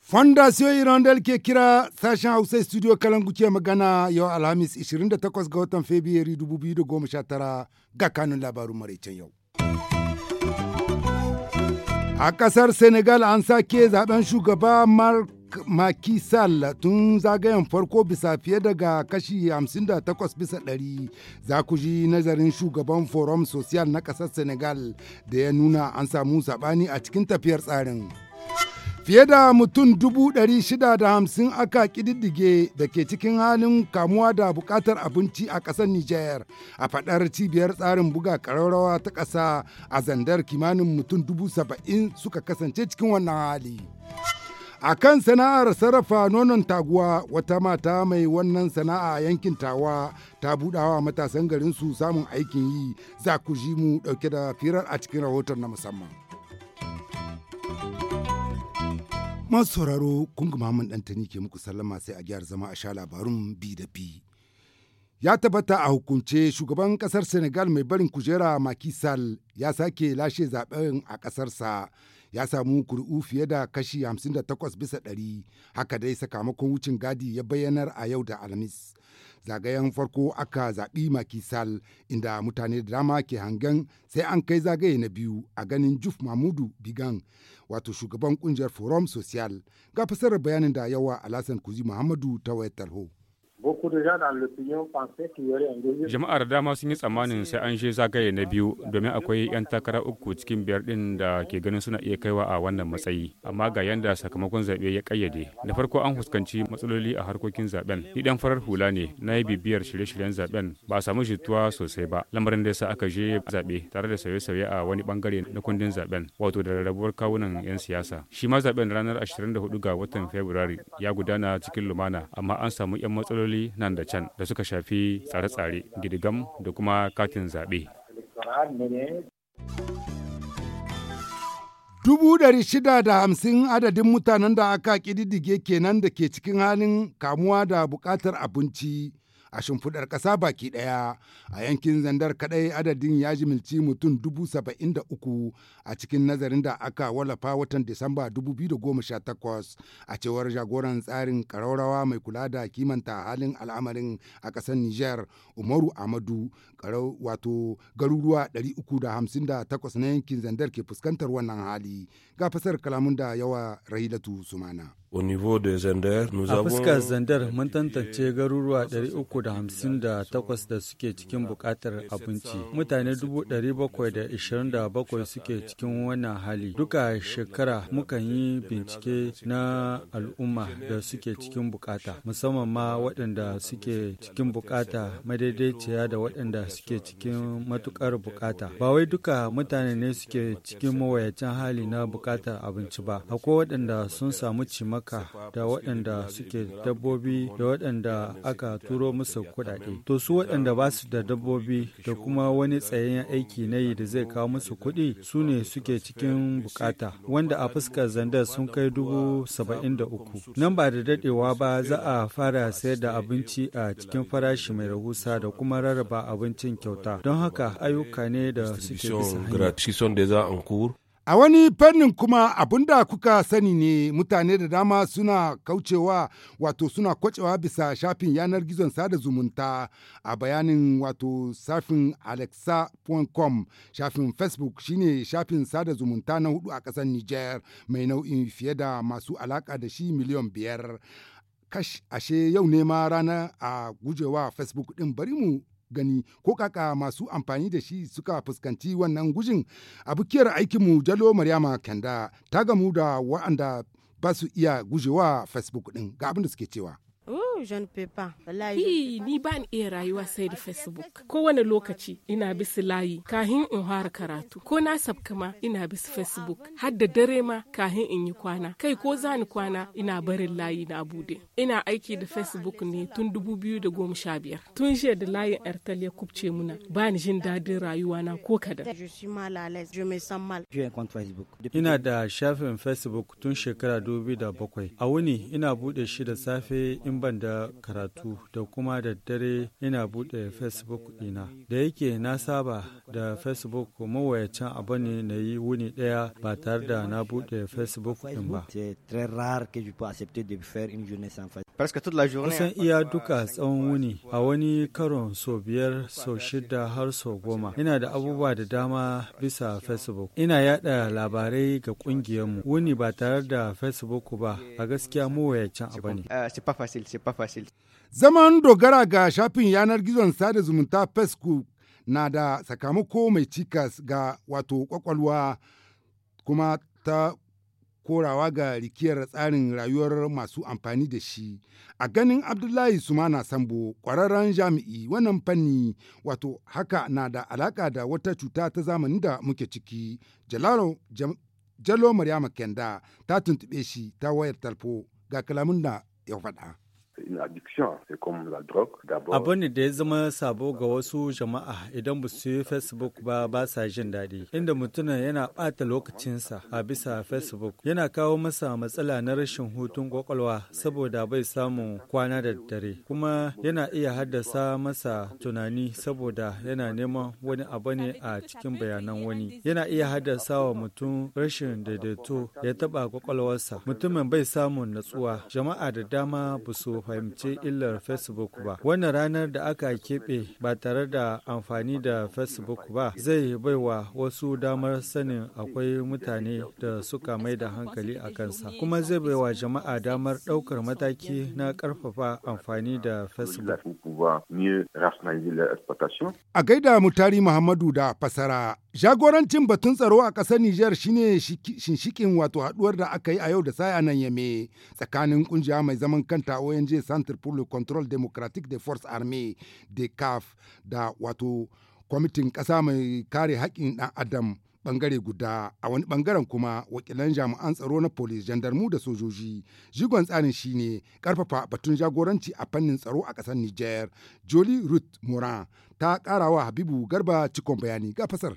Fondation Hirondelle ke kira sashen Hausa studio Kalangu ke magana yau Alhamis 28 ga watan Fabrairu tara. ga kanun labarun maraicen yau. A ƙasar Senegal an sake zaben shugaba Mark Maki Sall tun zagayen farko bisa fiye daga kashi 58 bisa ɗari za ku ji nazarin shugaban Forum Social na ƙasar Senegal da ya nuna an samu saɓani a cikin tafiyar tsarin. Fiye da mutum 650 aka ƙididdige da ke cikin halin kamuwa da buƙatar abinci a ƙasar Nijar a faɗar cibiyar tsarin buga ƙararrawa ta ƙasa a zandar kimanin mutum 70 suka kasance cikin wannan hali. A kan sana'ar sarrafa nonon taguwa wata mata mai wannan sana'a yankin tawa ta budawa matasan garinsu samun aikin yi za ku ji mu ɗauke da firar a cikin rahoton na musamman. Masu sauraro kun ga ɗantani ke muku sallama sai a gyara zama a sha labarun bi da bi. ya tabbata a hukunce shugaban kasar senegal mai barin kujera makisal ya sake lashe zaben a kasarsa ya samu kuri'u fiye da kashi 58 bisa ɗari haka dai sakamakon wucin gadi ya bayyanar a yau da alhamis zagayen farko aka zaɓi makisal inda mutane da dama ke hangen sai an kai zagaye na biyu a ganin juf mahmudu bigan wato shugaban kungiyar forum social ga fasarar bayanin da yawa alasan kuzi muhammadu ta wayar talho Jama'ar dama sun yi tsammanin sai an je zagaye na biyu domin akwai 'yan takara uku cikin biyar din da ke ganin suna iya kaiwa a wannan matsayi. Amma ga yanda sakamakon zaɓe ya kayyade Da farko an fuskanci matsaloli a harkokin zaɓen. Ni ɗan farar hula ne, na yi bibiyar shirye-shiryen zaɓen ba a samu jituwa sosai ba. Lamarin da sa aka je zaɓe tare da sauye-sauye a wani bangare na kundin zaɓen, wato da rarrabuwar kawunan 'yan siyasa. Shi ma zaɓen ranar 24 ga watan Fabrairu ya gudana cikin lumana, amma an samu 'yan matsaloli matsaloli nan da can da suka shafi tsare-tsare gidigam da kuma katin zaɓe. Dubu ɗari shida da hamsin adadin mutanen da aka ƙididdige kenan da ke cikin halin kamuwa da buƙatar abinci a shimfiɗar ƙasa baki ɗaya a yankin zandar kaɗai adadin ya jimilci mutum dubu saba'in da uku a cikin nazarin da aka wallafa watan disamba dubu biyu da goma sha takwas a cewar jagoran tsarin ƙaraurawa mai kula da kimanta halin al'amarin a kasar niger umaru amadu wato garuruwa uku da da hamsin takwas na yankin zandar ke fuskantar wannan hali ga fasar kalamun da yawa rahilatu sumana. a fuskar zandar mun tantance garuruwa uku. 358 da suke cikin bukatar abinci. Mutane 727 suke cikin wannan hali. Duka shekara mukan yi bincike na al'umma da suke cikin bukata, musamman ma waɗanda suke cikin bukata madaidaiciya da waɗanda suke cikin matukar bukata. Ba wai duka mutane ne suke cikin mawayacin hali na bukatar abinci ba. Akwai waɗanda sun samu cimaka da waɗanda suke dabbobi da waɗanda aka turo musu musu kuɗaɗe to su waɗanda ba su da dabbobi da kuma wani tsayayyen aiki na yi da zai kawo musu kuɗi su ne suke cikin bukata wanda a fuskar zandar sun kai dubu saba'in da uku nan ba da daɗewa ba za a fara sayar da abinci a cikin farashi mai rahusa da kuma rarraba abincin kyauta don haka ayyuka ne da suke bisa hanyar. A wani fannin kuma abun da kuka sani ne mutane da dama suna kaucewa wato suna kwacewa bisa shafin yanar gizon sada zumunta a bayanin wato safin alexa.com shafin facebook shine shafin sada zumunta na hudu a ƙasar Nijar mai nau'in fiye da masu alaka da shi miliyan biyar. Kash ashe yau ne ma rana a gujewa facebook din bari mu gani ko kaka masu amfani da shi suka fuskanci wannan gujin a bukiyar aikinmu jalo maryama kenda ta gamu da wa'anda ba su iya gujewa facebook ɗin ga abin da suke cewa. jan ni ba ni iya rayuwa sai da facebook wani lokaci ina bisu layi kahin in fara karatu ko na sabka ma ina bisu facebook har da dare ma kahin in yi kwana kai ko za ni kwana ina barin layi na bude ina aiki da facebook ne tun biyar tun jiya da layin airtel ya kubce muna ba ni jin dadin rayuwa na ko kadan ina da shafin facebook tun shekara bakwai a wuni ina bude shi da safe in ban da karatu da kuma da dare ina buɗe facebook ɗina da yake na saba da facebook mawayacin abu ne na yi wuni ɗaya ba tare da na buɗe facebook ɗin ba kusan iya duka tsawon wuni a wani karon so biyar so shida har so goma ina da abubuwa da dama bisa facebook ina yada labarai ga kungiyarmu wuni ba tare da facebook ba a gaskiya mawayacin abu ne eh, fasil. Zaman dogara ga shafin yanar gizon sada zumunta Facebook na da sakamako mai cikas ga wato kwakwalwa kuma ta korawa ga rikiyar tsarin rayuwar masu amfani da shi a ganin abdullahi sumana sambo kwararren jami'i wannan fanni wato haka na da alaka da wata cuta ta zamani da muke ciki jalalo, jalo maryama kenda ta tuntube shi ta wayar talfo ga kalamun da ya faɗa. in addiction c'est comme la drogue d'abord da ya zama sabo ga wasu jama'a idan ba su yi facebook ba ba sa jin daɗi inda mutumin yana ɓata lokacinsa a bisa facebook yana kawo masa matsala na rashin hutun kwakwalwa saboda bai samu kwana da dare kuma yana iya haddasa masa tunani saboda yana neman wani abu ne a cikin bayanan wani yana iya haddasa wa mutum rashin daidaito ya taɓa kwakwalwarsa mutumin bai samun natsuwa jama'a da dama ba fahimci illar facebook ba wannan ranar da aka keɓe ba tare da amfani da facebook ba zai baiwa wasu damar sanin akwai mutane da suka mai da hankali a kansa kuma zai baiwa jama'a damar ɗaukar mataki na ƙarfafa amfani da facebook a gaida mutari muhammadu da fasara jagorancin batun tsaro a ƙasar nijar shine shinshikin wato haɗuwar da aka yi a yau da sai a nan yame tsakanin kungiya mai zaman kanta ONG CPD Centre pour le Contrôle Démocratique des Forces Armées da CAF da wato kwamitin ƙasa mai kare haƙƙin ɗan adam bangare guda a wani bangaren kuma wakilan jami'an tsaro na polis jandarmu da sojoji jigon tsarin shine karfafa batun jagoranci a fannin tsaro a kasar niger jolie ruth moran ta karawa habibu garba cikon bayani ga fasar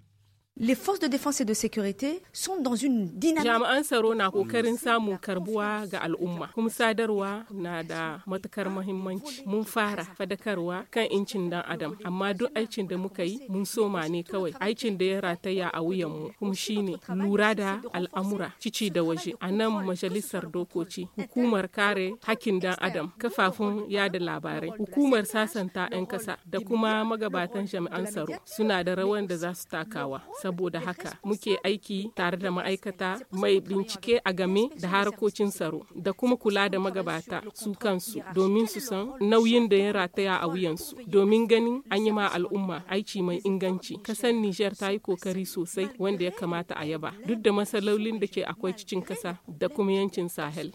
les forces de défense et de sécurité sont dans une dynamique. Jami'an tsaro na kokarin samun karbuwa ga al'umma. Kuma sadarwa na da matukar muhimmanci. Mun fara fadakarwa kan incin dan Adam, amma duk aikin da muka yi mun soma ne kawai. Aikin da ya rataya a wuyanmu kuma shine lura da al'amura cici da waje. A nan majalisar dokoci hukumar kare hakkin dan Adam, kafafun yada labarai, hukumar sasanta 'yan kasa da kuma magabatan jami'an tsaro suna da rawan da za su takawa. saboda haka muke aiki tare da ma'aikata mai bincike a game da harkokin tsaro da kuma kula da magabata su kansu domin su san nauyin da ya rataya a wuyansu domin ganin an yi ma al'umma aiki mai inganci kasan Nijar ta yi kokari sosai wanda ya kamata a yaba duk da matsalolin da ke akwai cikin kasa da kuma yancin Sahel.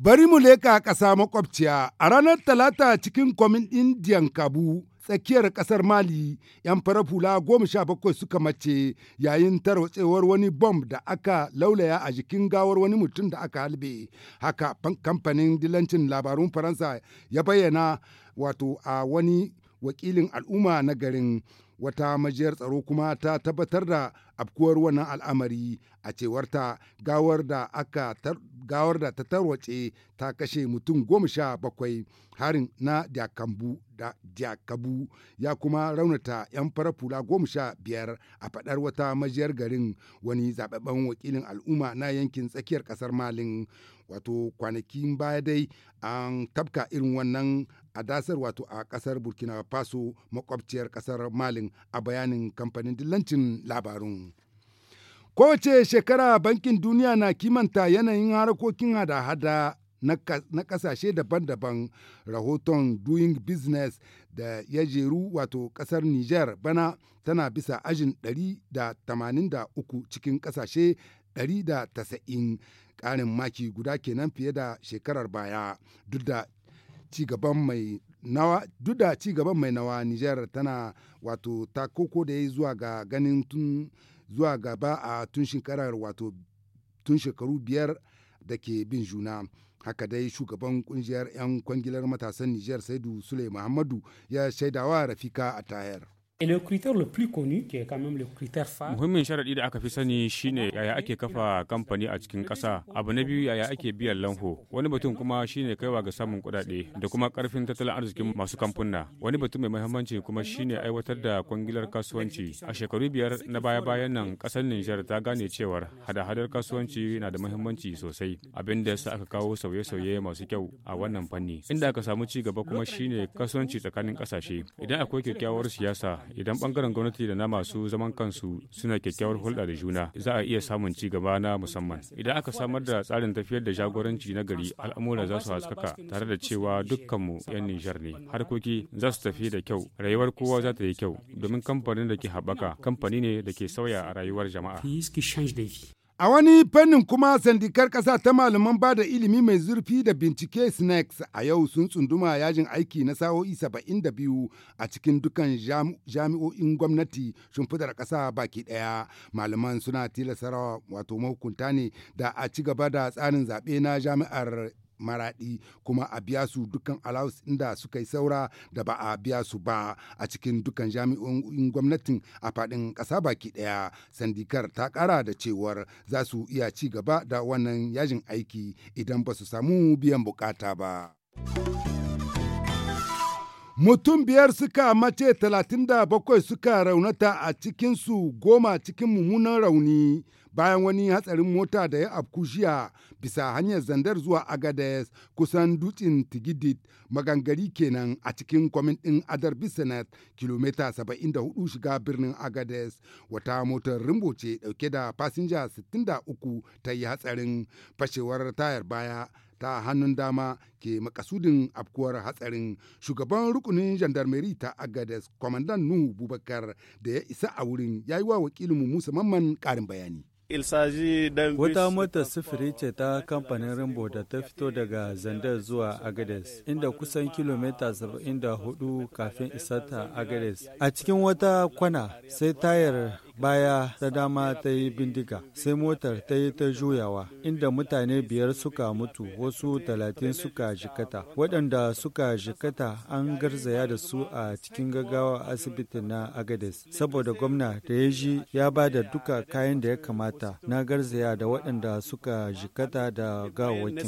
Bari mu leka ƙasa makwabciya a ranar Talata cikin kwamin Indiyan Kabu tsakiyar kasar mali yan farar hula goma sha bakwai suka mace yayin tarwatsewar wani bom da aka laulaya a jikin gawar wani mutum da aka halbe haka kamfanin dilancin labarun faransa ya bayyana wato a wani wakilin al'umma na garin wata majiyar tsaro kuma ta tabbatar da afkuwar wannan al'amari a cewarta gawar da gawar da ta tarwace ta kashe mutum goma sha bakwai harin na jakambu da jakabu ya kuma raunata 'yan fara fula goma sha biyar a fadar wata majiyar garin wani zababben wakilin al'umma na yankin tsakiyar kasar malin wato kwanakin baya dai an tabka irin wannan a dasar wato a kasar burkina faso makwabciyar kasar malin a bayanin kamfanin dillancin labarun Kowace shekara Bankin Duniya na kimanta yanayin harkokin hada-hada na kasashe daban-daban rahoton doing business da ya jeru wato kasar Niger bana tana bisa ajin 183 cikin kasashe 190 ƙarin maki guda kenan fiye da shekarar baya duk da ci gaban mai nawa Niger tana wato ta koko da ya zuwa ga ganin tun zuwa gaba a tun shekarar wato tun shekaru biyar da ke bin juna haka dai shugaban kungiyar 'yan kwangilar matasan nijar saidu sule muhammadu ya shaidawa rafika a tayar Muhimmin sharaɗi da aka fi sani shine yaya ake kafa kamfani a cikin ƙasa, abu na biyu yaya ake biyan lanho, wani batun kuma shine kaiwa ga samun kuɗaɗe da kuma ƙarfin tattalin arzikin masu kamfuna. Wani batun mai muhimmanci kuma shine aiwatar da kwangilar kasuwanci. A shekaru biyar na baya-bayan nan ƙasar Nijar ta gane cewar hada-hadar kasuwanci na da muhimmanci sosai, abin da yasa aka kawo sauye-sauye masu kyau a wannan fanni. Inda aka samu ci gaba kuma shine kasuwanci tsakanin ƙasashe. Idan akwai kyakkyawar siyasa idan bangaren gwamnati da na masu zaman kansu suna kyakkyawar hulɗa da juna za a iya samun ci gaba na musamman idan aka samar da tsarin tafiyar da jagoranci na gari al'amura za su haskaka tare da cewa dukkanmu 'yan nijar ne harkoki za su tafi da kyau rayuwar kowa za ta yi kyau domin kamfanin da ke haɓaka kamfani ne da ke sauya a rayuwar jama'a A wani fannin kuma sandikar ƙasa ta malaman ba da ilimi mai zurfi da bincike snacks e a yau sun tsunduma yajin aiki na sa'o'i biyu a cikin dukan jami'o'in gwamnati shimfidar ƙasa baki ɗaya. Malaman suna tilasarawa wato mahukunta ne da a ci gaba da tsarin zaɓe na jami'ar maraɗi kuma a biya su dukkan alawus inda suka yi saura da ba a biya su ba a cikin dukkan jami'o'in gwamnatin a faɗin ƙasa baki ɗaya sandikar ta ƙara da cewar za su iya ci gaba da wannan yajin aiki idan ba su samu biyan bukata ba. Mutum biyar suka mace 37 suka raunata a cikinsu goma cikin mummunan rauni bayan wani hatsarin mota da ya afku jiya bisa hanyar zandar zuwa agades kusan dutsen tigidit magangari kenan a cikin kwamin din adar bisanet kilomita 74 shiga birnin agades wata motar rimbo ce ɗauke da fasinja 63 ta yi hatsarin fashewar tayar baya ta hannun dama ke makasudin afkuwar hatsarin shugaban rukunin gendarmerie ta agades kwamandan nuhu bubakar da ya isa a wurin ya yi wa wakilinmu musamman mamman karin bayani Wata mota sufuri ce ta kamfanin Rimbo da ta fito daga Zandar zuwa Agades, inda kusan kilomita 74 kafin ta Agades. A cikin wata kwana sai tayar baya ta dama ta yi bindiga sai motar ta yi ta juyawa inda mutane biyar suka mutu wasu talatin suka jikata waɗanda suka jikata an garzaya da su a cikin gaggawa asibiti na agades saboda gwamna da ya ji ya ba da duka kayan da ya kamata na garzaya da waɗanda suka jikata da gawakin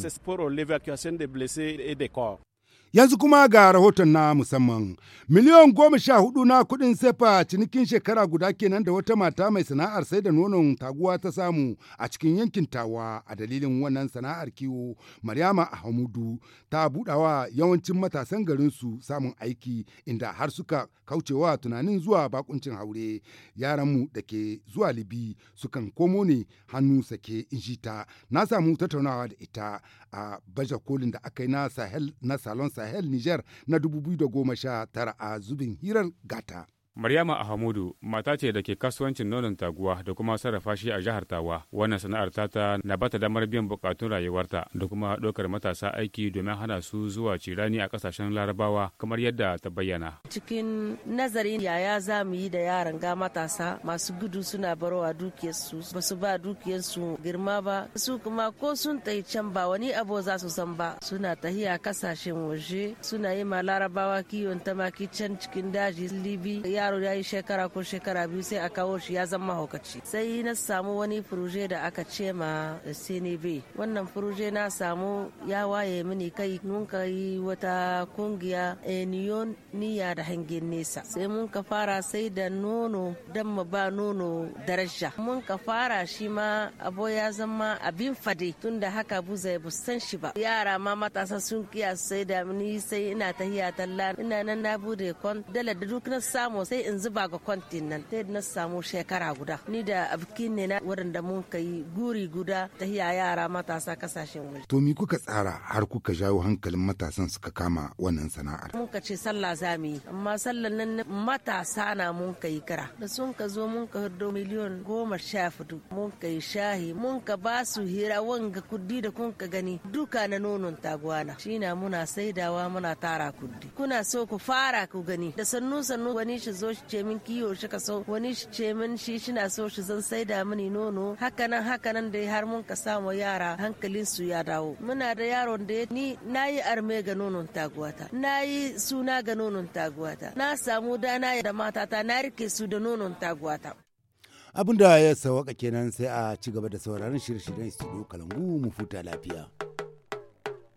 Yanzu kuma ga rahoton na musamman. Miliyon goma sha hudu na kudin sefa cinikin shekara guda kenan da wata mata mai sana'ar sai da nonon taguwa ta samu a cikin yankin tawa a dalilin wannan sana'ar kiwo Maryama hamudu ta buɗawa yawancin matasan garinsu samun aiki inda har suka kaucewa tunanin zuwa bakuncin haure. Yaranmu da ke zuwa Libi sukan komo ne hannu sake injita. Na samu tattaunawa da ita a baja kolin da aka yi na Sahel na salon Sahel Niger na 2019 a zubin hirar gata. Maryama Ahamudu mata ce da ke kasuwancin nonon taguwa da kuma sarrafa shi a jihar Tawa. Wannan sana'ar ta na bata damar biyan bukatun rayuwarta da kuma ɗaukar matasa aiki domin hana su zuwa cirani a kasashen Larabawa kamar yadda ta bayyana. Cikin nazarin yaya za mu yi da yaran ga matasa masu gudu suna barowa dukiyarsu ba su ba dukiyarsu girma ba su kuma ko sun tai can ba wani abu za su san ba suna tahiya kasashen waje suna yi ma Larabawa kiwon tamaki can cikin daji Libi yaro ya yi shekara ko shekara biyu sai a kawo shi ya zama haukaci sai na samu wani furuje da aka ce ma cnb wannan furuje na samu ya waye mini kai mun ka yi wata kungiya eh, union niya da hangen nesa sai mun ka fara sai da nono don mu ba nono daraja mun ka fara shi ma abo ya zama abin fade da haka buzai bu san shi ba yara ma matasa sun kiya sai da ni sai ina tahiya talla ina nan na bude kon dala da duk na samu sai in zuba ga kwantin nan sai na samu shekara guda ni da abkin ne na wadanda mun kai guri guda ta hiya yara matasa kasashen waje to mi kuka tsara har kuka jawo hankalin matasan suka kama wannan sana'ar mun ka ce sallah za mu yi amma sallan nan matasa na mun kai kira da sun ka zo mun ka hudu miliyon goma sha fudu mun kai shahi mun ka ba su hira wanga kuddi da kun ka gani duka na nonon tagwana shi na muna saidawa muna tara kuddi kuna so ku fara ku gani da sannu sannu wani shi zo shi ce min kiyo shi ka so wani shi ce min shi shina so shi zan sai da mini nono hakanan hakanan dai har mun ka samu yara hankalin su ya dawo muna da yaron da ya ni nayi arme ga nonon taguwata nayi suna ga nonon taguwata na samu dana da matata na rike su da nonon taguwata abun da ya sawaka kenan sai a ci gaba da sauraron shirye-shiryen studio kalangu mu futa lafiya